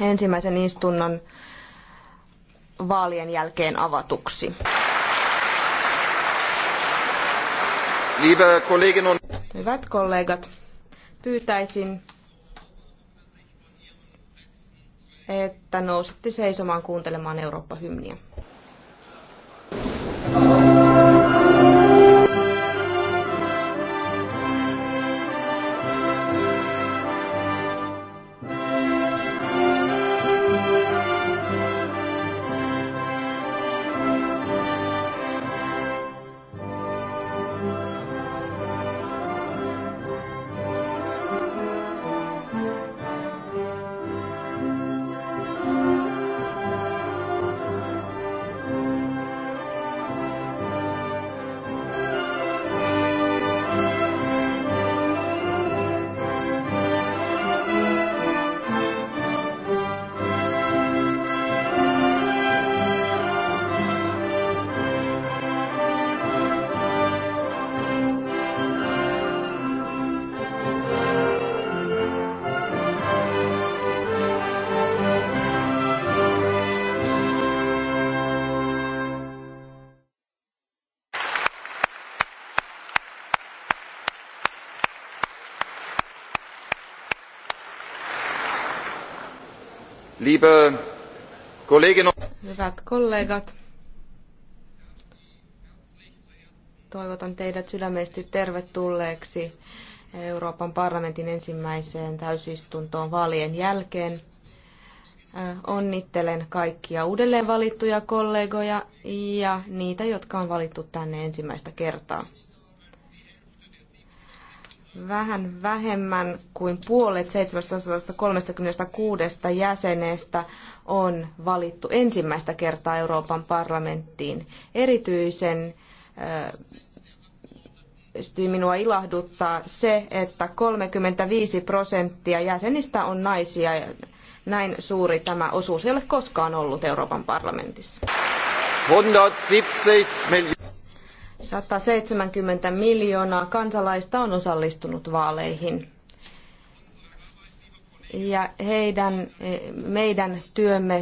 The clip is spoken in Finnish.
ensimmäisen istunnon vaalien jälkeen avatuksi. Hyvät kollegat, pyytäisin, että nousette seisomaan kuuntelemaan Eurooppa-hymniä. Liebe Kolleginnen Hyvät kollegat, toivotan teidät sydämesti tervetulleeksi Euroopan parlamentin ensimmäiseen täysistuntoon vaalien jälkeen. Äh, onnittelen kaikkia uudelleen valittuja kollegoja ja niitä, jotka on valittu tänne ensimmäistä kertaa vähän vähemmän kuin puolet 736 jäsenestä on valittu ensimmäistä kertaa Euroopan parlamenttiin. Erityisen äh, minua ilahduttaa se, että 35 prosenttia jäsenistä on naisia. Näin suuri tämä osuus ei ole koskaan ollut Euroopan parlamentissa. 170 miljoonaa. 170 miljoonaa kansalaista on osallistunut vaaleihin. Ja heidän, eh, meidän työmme